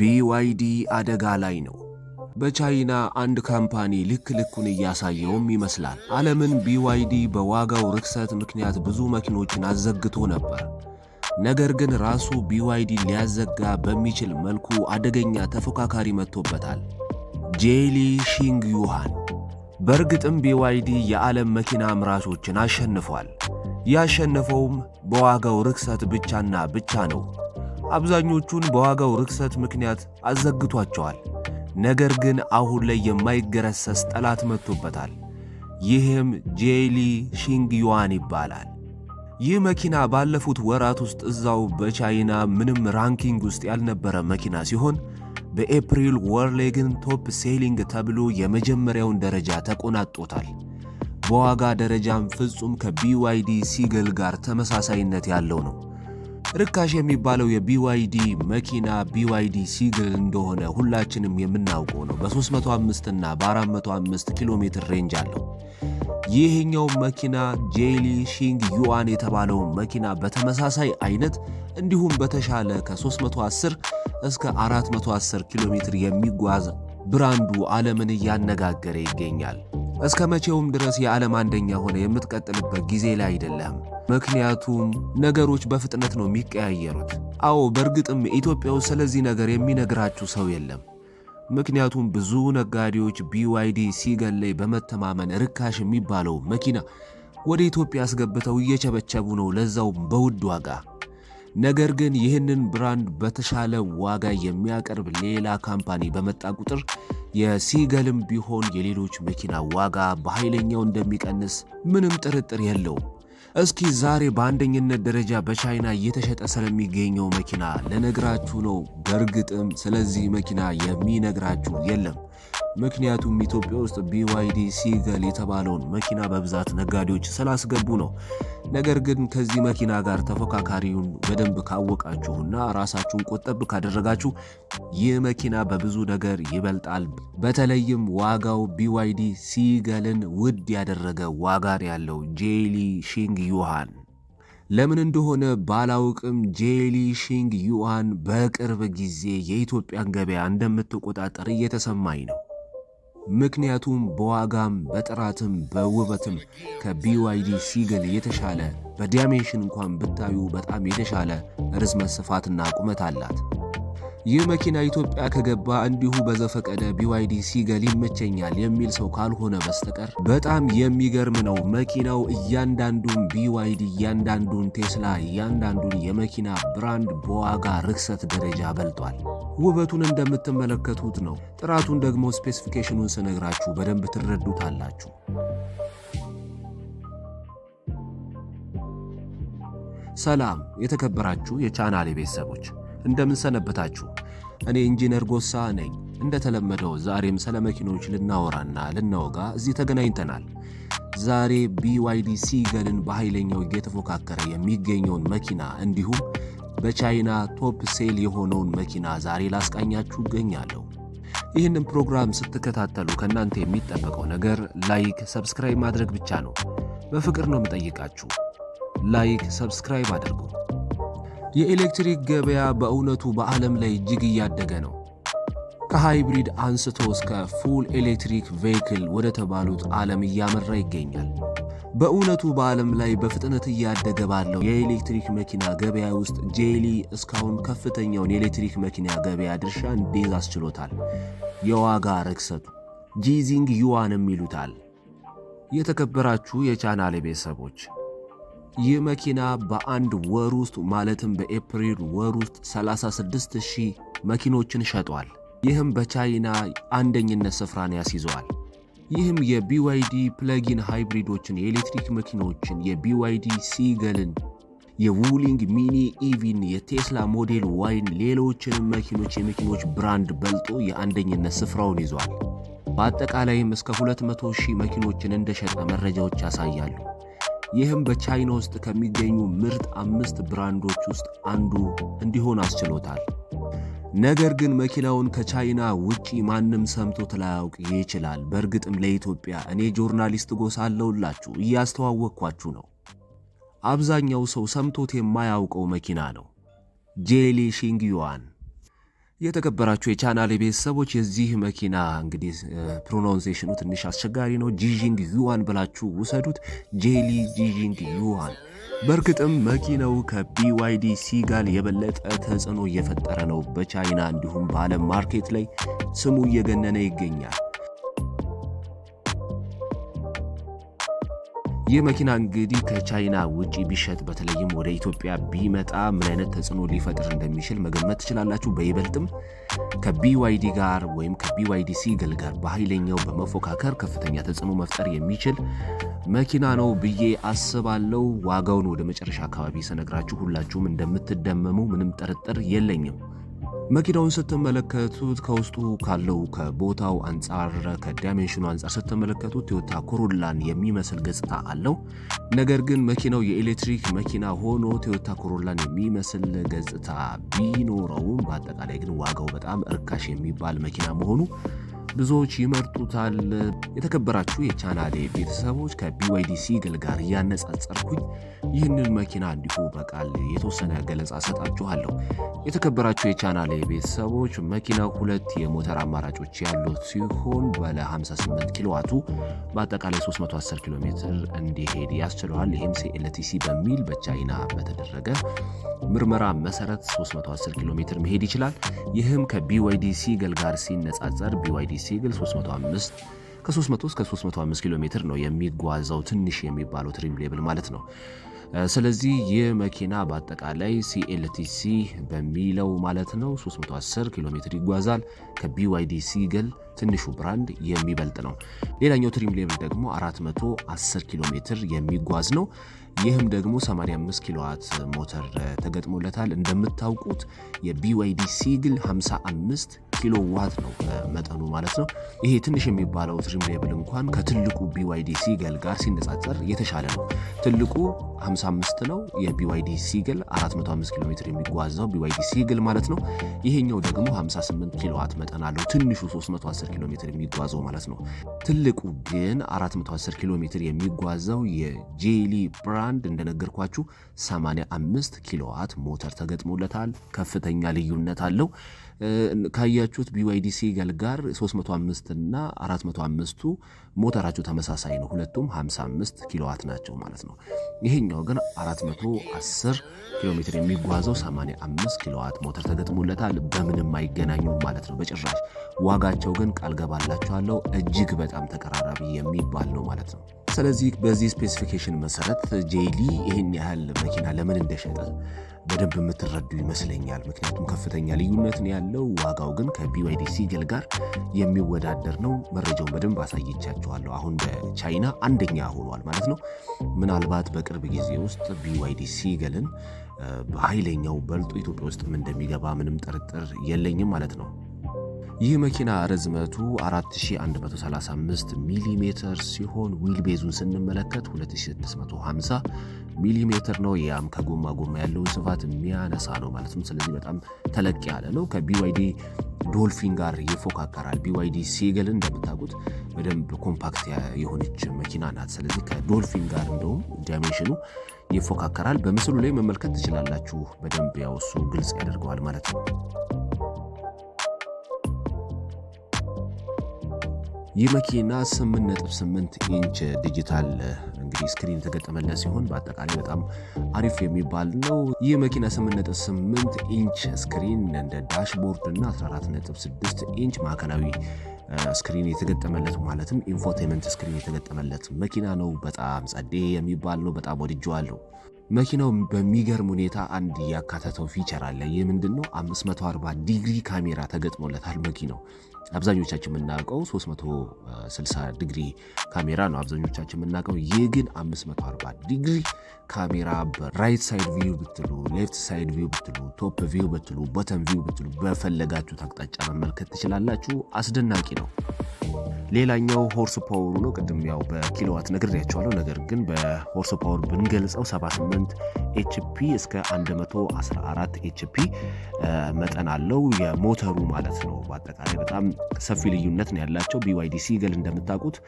ቢዋይዲ አደጋ ላይ ነው። በቻይና አንድ ካምፓኒ ልክ ልኩን እያሳየውም ይመስላል። ዓለምን ቢዋይዲ በዋጋው ርክሰት ምክንያት ብዙ መኪኖችን አዘግቶ ነበር። ነገር ግን ራሱ ቢዋይዲ ሊያዘጋ በሚችል መልኩ አደገኛ ተፎካካሪ መጥቶበታል። ጄሊ ሺንግ ዩሃን በእርግጥም ቢዋይዲ የዓለም መኪና አምራቾችን አሸንፏል። ያሸነፈውም በዋጋው ርክሰት ብቻና ብቻ ነው። አብዛኞቹን በዋጋው ርክሰት ምክንያት አዘግቷቸዋል። ነገር ግን አሁን ላይ የማይገረሰስ ጠላት መጥቶበታል። ይህም ጄሊ ሺንግዩዋን ይባላል። ይህ መኪና ባለፉት ወራት ውስጥ እዛው በቻይና ምንም ራንኪንግ ውስጥ ያልነበረ መኪና ሲሆን በኤፕሪል ወር ላይ ግን ቶፕ ሴሊንግ ተብሎ የመጀመሪያውን ደረጃ ተቆናጦታል። በዋጋ ደረጃም ፍጹም ከቢዋይዲ ሲግል ጋር ተመሳሳይነት ያለው ነው። ርካሽ የሚባለው የቢዋይዲ መኪና ቢዋይዲ ሲግል እንደሆነ ሁላችንም የምናውቀው ነው። በ305 እና በ405 ኪሎ ሜትር ሬንጅ አለው። ይህኛው መኪና ጄሊ ሺንግ ዩዋን የተባለው መኪና በተመሳሳይ አይነት እንዲሁም በተሻለ ከ310 እስከ 410 ኪሎ ሜትር የሚጓዝ ብራንዱ ዓለምን እያነጋገረ ይገኛል። እስከ መቼውም ድረስ የዓለም አንደኛ ሆነ የምትቀጥልበት ጊዜ ላይ አይደለም። ምክንያቱም ነገሮች በፍጥነት ነው የሚቀያየሩት። አዎ በእርግጥም ኢትዮጵያ ውስጥ ስለዚህ ነገር የሚነግራችሁ ሰው የለም። ምክንያቱም ብዙ ነጋዴዎች ቢዋይዲ ሲገን ላይ በመተማመን ርካሽ የሚባለው መኪና ወደ ኢትዮጵያ አስገብተው እየቸበቸቡ ነው፣ ለዛው በውድ ዋጋ። ነገር ግን ይህንን ብራንድ በተሻለ ዋጋ የሚያቀርብ ሌላ ካምፓኒ በመጣ ቁጥር የሲገልም ቢሆን የሌሎች መኪና ዋጋ በኃይለኛው እንደሚቀንስ ምንም ጥርጥር የለውም። እስኪ ዛሬ በአንደኝነት ደረጃ በቻይና እየተሸጠ ስለሚገኘው መኪና ልነግራችሁ ነው። በእርግጥም ስለዚህ መኪና የሚነግራችሁ የለም። ምክንያቱም ኢትዮጵያ ውስጥ ቢዋይዲ ሲገል የተባለውን መኪና በብዛት ነጋዴዎች ስላስገቡ ነው። ነገር ግን ከዚህ መኪና ጋር ተፎካካሪውን በደንብ ካወቃችሁና ራሳችሁን ቆጠብ ካደረጋችሁ ይህ መኪና በብዙ ነገር ይበልጣል። በተለይም ዋጋው ቢዋይዲ ሲገልን ውድ ያደረገ ዋጋ ያለው ጄሊ ሺንግ ዩሃን ለምን እንደሆነ ባላውቅም ጄሊ ሺንግ ዩሃን በቅርብ ጊዜ የኢትዮጵያን ገበያ እንደምትቆጣጠር እየተሰማኝ ነው። ምክንያቱም በዋጋም በጥራትም በውበትም ከቢዋይዲ ሲገል የተሻለ በዳይሜንሽን እንኳን ብታዩ በጣም የተሻለ ርዝመት ስፋትና ቁመት አላት። ይህ መኪና ኢትዮጵያ ከገባ እንዲሁ በዘፈቀደ ቢዋይዲ ሲገል ይመቸኛል የሚል ሰው ካልሆነ በስተቀር በጣም የሚገርም ነው። መኪናው እያንዳንዱን ቢዋይዲ፣ እያንዳንዱን ቴስላ፣ እያንዳንዱን የመኪና ብራንድ በዋጋ ርክሰት ደረጃ በልጧል። ውበቱን እንደምትመለከቱት ነው። ጥራቱን ደግሞ ስፔሲፊኬሽኑን ስነግራችሁ በደንብ ትረዱታላችሁ። ሰላም የተከበራችሁ የቻናሌ ቤተሰቦች እንደምንሰነበታችሁ። እኔ ኢንጂነር ጎሳ ነኝ። እንደተለመደው ዛሬም ስለ መኪኖች ልናወራና ልናወጋ እዚህ ተገናኝተናል። ዛሬ ቢዋይዲ ሲገልን በኃይለኛው እየተፎካከረ የሚገኘውን መኪና እንዲሁም በቻይና ቶፕ ሴል የሆነውን መኪና ዛሬ ላስቃኛችሁ እገኛለሁ። ይህንን ፕሮግራም ስትከታተሉ ከእናንተ የሚጠበቀው ነገር ላይክ፣ ሰብስክራይብ ማድረግ ብቻ ነው። በፍቅር ነው የምጠይቃችሁ። ላይክ ሰብስክራይብ አድርጉ። የኤሌክትሪክ ገበያ በእውነቱ በዓለም ላይ እጅግ እያደገ ነው። ከሃይብሪድ አንስቶ እስከ ፉል ኤሌክትሪክ ቬይክል ወደ ተባሉት ዓለም እያመራ ይገኛል። በእውነቱ በዓለም ላይ በፍጥነት እያደገ ባለው የኤሌክትሪክ መኪና ገበያ ውስጥ ጄሊ እስካሁን ከፍተኛውን የኤሌክትሪክ መኪና ገበያ ድርሻ እንዲይዝ አስችሎታል። የዋጋ ርክሰቱ ጂዚንግ ዩዋንም ይሉታል። የተከበራችሁ የቻናሌ ቤተሰቦች ይህ መኪና በአንድ ወር ውስጥ ማለትም በኤፕሪል ወር ውስጥ 36 መኪኖችን ሸጧል። ይህም በቻይና አንደኝነት ስፍራን ያስይዘዋል። ይህም የቢዋይዲ ፕለጊን ሃይብሪዶችን፣ የኤሌክትሪክ መኪኖችን፣ የቢዋይዲ ሲገልን፣ የውሊንግ ሚኒ ኢቪን፣ የቴስላ ሞዴል ዋይን፣ ሌሎችንም መኪኖች የመኪኖች ብራንድ በልጦ የአንደኝነት ስፍራውን ይዟል። በአጠቃላይም እስከ 200 ሺህ መኪኖችን እንደሸጠ መረጃዎች ያሳያሉ። ይህም በቻይና ውስጥ ከሚገኙ ምርጥ አምስት ብራንዶች ውስጥ አንዱ እንዲሆን አስችሎታል። ነገር ግን መኪናውን ከቻይና ውጪ ማንም ሰምቶት ላያውቅ ይችላል። በእርግጥም ለኢትዮጵያ እኔ ጆርናሊስት ጎሳ አለውላችሁ እያስተዋወቅኳችሁ ነው። አብዛኛው ሰው ሰምቶት የማያውቀው መኪና ነው ጄሊ ሺንግዩዋን የተከበራችሁ የቻናል ቤተሰቦች የዚህ መኪና እንግዲህ ፕሮናውንሴሽኑ ትንሽ አስቸጋሪ ነው። ጂዥንግ ዩዋን ብላችሁ ውሰዱት። ጄሊ ጂዥንግ ዩዋን። በእርግጥም መኪናው ከቢዋይዲ ሲጋል የበለጠ ተጽዕኖ እየፈጠረ ነው በቻይና እንዲሁም በዓለም ማርኬት ላይ ስሙ እየገነነ ይገኛል። ይህ መኪና እንግዲህ ከቻይና ውጭ ቢሸጥ በተለይም ወደ ኢትዮጵያ ቢመጣ ምን አይነት ተጽዕኖ ሊፈጥር እንደሚችል መገመት ትችላላችሁ። በይበልጥም ከቢዋይዲ ጋር ወይም ከቢዋይዲ ሲግል ጋር በኃይለኛው በመፎካከር ከፍተኛ ተጽዕኖ መፍጠር የሚችል መኪና ነው ብዬ አስባለሁ። ዋጋውን ወደ መጨረሻ አካባቢ ስነግራችሁ ሁላችሁም እንደምትደመሙ ምንም ጥርጥር የለኝም። መኪናውን ስትመለከቱት ከውስጡ ካለው ከቦታው አንጻር ከዳይሜንሽኑ አንጻር ስትመለከቱት ቶዮታ ኮሮላን የሚመስል ገጽታ አለው። ነገር ግን መኪናው የኤሌክትሪክ መኪና ሆኖ ቶዮታ ኮሮላን የሚመስል ገጽታ ቢኖረውም በአጠቃላይ ግን ዋጋው በጣም እርካሽ የሚባል መኪና መሆኑ ብዙዎች ይመርጡታል። የተከበራችሁ የቻናሌ ቤተሰቦች ከቢዋይዲሲ ግል ጋር እያነጻጸርኩኝ ይህንን መኪና እንዲሁ በቃል የተወሰነ ገለጻ ሰጣችኋለሁ። የተከበራችሁ የቻናሌ ቤተሰቦች መኪናው ሁለት የሞተር አማራጮች ያሉት ሲሆን ባለ 58 ኪሎዋቱ በአጠቃላይ 310 ኪሎ ሜትር እንዲሄድ ያስችለዋል። ይህም ሲኤልቲሲ በሚል በቻይና በተደረገ ምርመራ መሰረት 310 ኪሎ ሜትር መሄድ ይችላል። ይህም ከቢዋይዲሲ ገልጋር ጋር ሲነጻጸር ቢዋይዲ ሲቪል 305 ከ300 እስከ 305 ኪሎ ሜትር ነው የሚጓዘው ትንሽ የሚባለው ትሪም ሌብል ማለት ነው። ስለዚህ ይህ መኪና በአጠቃላይ ሲኤልቲሲ በሚለው ማለት ነው 310 ኪሎ ሜትር ይጓዛል። ከቢዋይዲ ሲገል ትንሹ ብራንድ የሚበልጥ ነው። ሌላኛው ትሪም ሌብል ደግሞ 410 ኪሎ ሜትር የሚጓዝ ነው። ይህም ደግሞ 85 ኪሎዋት ሞተር ተገጥሞለታል። እንደምታውቁት የቢዋይዲ ሲግል 55 ኪሎ ዋት ነው መጠኑ ማለት ነው። ይሄ ትንሽ የሚባለው ትሪም ሌብል እንኳን ከትልቁ ቢዋይዲ ሲገል ጋር ሲነጻጸር የተሻለ ነው። ትልቁ 55 ነው። የቢዋይዲ ሲግል 405 ኪሎ ሜትር የሚጓዘው ቢዋይዲ ሲግል ማለት ነው። ይሄኛው ደግሞ 58 ኪሎዋት መጠን አለው። ትንሹ 310 ኪሎ ሜትር የሚጓዘው ማለት ነው። ትልቁ ግን 410 ኪሎ ሜትር የሚጓዘው የጄሊ ብራንድ እንደነገርኳችሁ 85 ኪሎዋት ሞተር ተገጥሞለታል። ከፍተኛ ልዩነት አለው። ካያችሁት ቢዋይዲሲ ገልጋር 305 እና 405ቱ ሞተራቸው ተመሳሳይ ነው። ሁለቱም 55 ኪሎዋት ናቸው ማለት ነው። ይሄኛው ግን 410 ኪሎ ሜትር የሚጓዘው 85 ኪሎዋት ሞተር ተገጥሞለታል። በምንም አይገናኙም ማለት ነው በጭራሽ። ዋጋቸው ግን ቃል ገባላችኋለሁ እጅግ በጣም ተቀራራቢ የሚባል ነው ማለት ነው። ስለዚህ በዚህ ስፔሲፊኬሽን መሰረት ጄይሊ ይህን ያህል መኪና ለምን እንደሸጠ በደንብ የምትረዱ ይመስለኛል። ምክንያቱም ከፍተኛ ልዩነት ነው ያለው። ዋጋው ግን ከቢዋይዲ ሲገል ጋር የሚወዳደር ነው። መረጃውን በደንብ አሳይቻችኋለሁ። አሁን በቻይና አንደኛ ሆኗል ማለት ነው። ምናልባት በቅርብ ጊዜ ውስጥ ቢዋይዲ ሲገልን በኃይለኛው በልጦ ኢትዮጵያ ውስጥም እንደሚገባ ምንም ጥርጥር የለኝም ማለት ነው። ይህ መኪና ርዝመቱ 4135 ሚሜ ሲሆን ዊል ቤዙን ስንመለከት 2650 ሚሜ ነው። ያም ከጎማ ጎማ ያለውን ስፋት የሚያነሳ ነው ማለት ነው። ስለዚህ በጣም ተለቅ ያለ ነው። ከቢዋይዲ ዶልፊን ጋር ይፎካከራል። ቢዋይዲ ሴገልን እንደምታውቁት በደንብ ኮምፓክት የሆነች መኪና ናት። ስለዚህ ከዶልፊን ጋር እንደውም ዳይሜንሽኑ ይፎካከራል። በምስሉ ላይ መመልከት ትችላላችሁ። በደንብ ያወሱ ግልጽ ያደርገዋል ማለት ነው። ይህ መኪና 8.8 ኢንች ዲጂታል እንግዲህ ስክሪን የተገጠመለት ሲሆን በአጠቃላይ በጣም አሪፍ የሚባል ነው። ይህ መኪና 8.8 ኢንች ስክሪን እንደ ዳሽቦርድ እና 14.6 ኢንች ማዕከላዊ ስክሪን የተገጠመለት ማለትም ኢንፎቴመንት ስክሪን የተገጠመለት መኪና ነው። በጣም ጸዴ የሚባል ነው። በጣም ወድጄዋለሁ። መኪናው በሚገርም ሁኔታ አንድ ያካተተው ፊቸር አለ። ይህ ምንድን ነው? 540 ዲግሪ ካሜራ ተገጥሞለታል መኪናው አብዛኞቻችን የምናውቀው 360 ዲግሪ ካሜራ ነው አብዛኞቻችን የምናውቀው። ይህ ግን 540 ዲግሪ ካሜራ በራይት ሳይድ ቪው ብትሉ፣ ሌፍት ሳይድ ቪው ብትሉ፣ ቶፕ ቪው ብትሉ፣ ቦተም ቪው ብትሉ በፈለጋችሁት አቅጣጫ መመልከት ትችላላችሁ። አስደናቂ ነው። ሌላኛው ሆርስ ፓወሩ ነው። ቅድም ያው በኪሎዋት ነግሬያቸዋለሁ። ነገር ግን በሆርስ ፓወር ብንገልጸው 78 ኤችፒ እስከ 114 ኤችፒ መጠን አለው የሞተሩ ማለት ነው። በአጠቃላይ በጣም ሰፊ ልዩነት ነው ያላቸው። ቢዋይዲ ሲገል እንደምታውቁት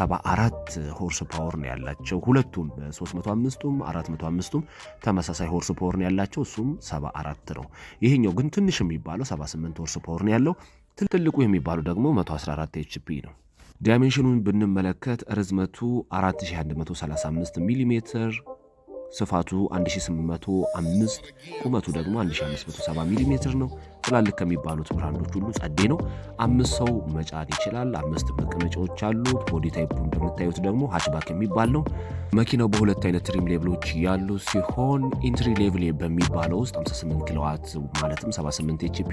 74 ሆርስ ፓወር ነው ያላቸው ሁለቱም፣ 305ቱም 405ቱም ተመሳሳይ ሆርስ ፓወር ነው ያላቸው። እሱም 74 ነው። ይሄኛው ግን ትንሽ የሚባለው 78 ሆርስ ፓወር ነው ያለው። ትልቁ የሚባሉ ደግሞ 114 ኤችፒ ነው። ዳይሜንሽኑን ብንመለከት ርዝመቱ 4135 ሚሜ፣ ስፋቱ 1805፣ ቁመቱ ደግሞ 1570 ሚሜ ነው። ትላልቅ ከሚባሉት ብራንዶች ሁሉ ጸዴ ነው። አምስት ሰው መጫን ይችላል። አምስት መቀመጫዎች አሉት። ቦዲ ታይፑ እንደምታዩት ደግሞ ሃችባክ የሚባል ነው። መኪናው በሁለት አይነት ትሪም ሌቭሎች ያሉ ሲሆን ኢንትሪ ሌቭል በሚባለው ውስጥ 58 ኪሎዋት ማለትም 78 ኤችፒ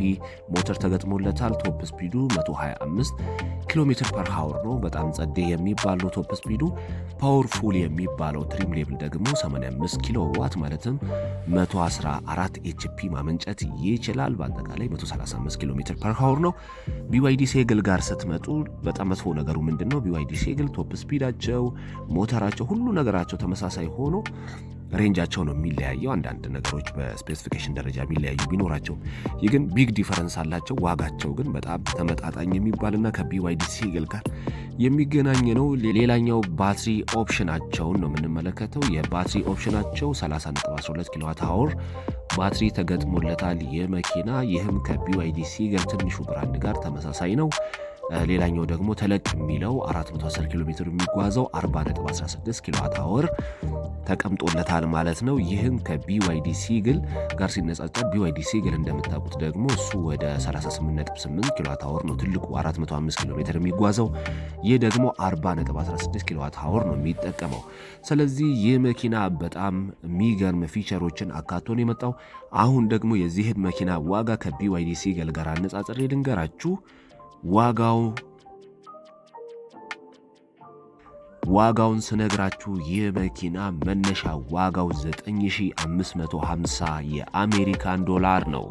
ሞተር ተገጥሞለታል። ቶፕ ስፒዱ 125 ኪሎ ሜትር ፐር ሀወር ነው። በጣም ጸዴ የሚባለው ቶፕ ስፒዱ። ፓወርፉል የሚባለው ትሪም ሌቭል ደግሞ 85 ኪሎዋት ማለትም 114 ኤችፒ ማመንጨት ይችላል። በአጠቃላይ ላይ 135 ኪሎ ሜትር ፐር ሀወር ነው። ቢዋይዲ ሴግል ጋር ስትመጡ በጣም መጥፎ ነገሩ ምንድን ነው? ቢዋይዲ ሴግል ቶፕ ስፒዳቸው፣ ሞተራቸው፣ ሁሉ ነገራቸው ተመሳሳይ ሆኖ ሬንጃቸው ነው የሚለያየው። አንዳንድ ነገሮች በስፔሲፊኬሽን ደረጃ የሚለያዩ ቢኖራቸው ይህ ግን ቢግ ዲፈረንስ አላቸው። ዋጋቸው ግን በጣም ተመጣጣኝ የሚባልና ከቢዋይዲ ሲግል ጋር የሚገናኝ ነው። ሌላኛው ባትሪ ኦፕሽናቸውን ነው የምንመለከተው። የባትሪ ኦፕሽናቸው 30.12 ኪሎዋት አወር ባትሪ ተገጥሞለታል የመኪና ይህም ከቢዋይዲ ሲግል ትንሹ ብራንድ ጋር ተመሳሳይ ነው። ሌላኛው ደግሞ ተለቅ የሚለው 410 ኪሎ ሜትር የሚጓዘው 40.16 ኪሎዋት አወር ተቀምጦለታል ማለት ነው። ይህም ከቢዋይዲ ሲግል ጋር ሲነጻጸር ቢዋይዲ ሲግል እንደምታውቁት ደግሞ እሱ ወደ 38.8 ኪሎዋት አወር ነው ትልቁ 405 ኪሎ ሜትር የሚጓዘው። ይህ ደግሞ 40.16 ኪሎዋት አወር ነው የሚጠቀመው። ስለዚህ ይህ መኪና በጣም የሚገርም ፊቸሮችን አካቶ ነው የመጣው። አሁን ደግሞ የዚህን መኪና ዋጋ ከቢዋይዲ ሲግል ጋር አነጻጽሬ ልንገራችሁ። ዋጋው ዋጋውን ስነግራችሁ ይህ መኪና መነሻ ዋጋው 9550 የአሜሪካን ዶላር ነው።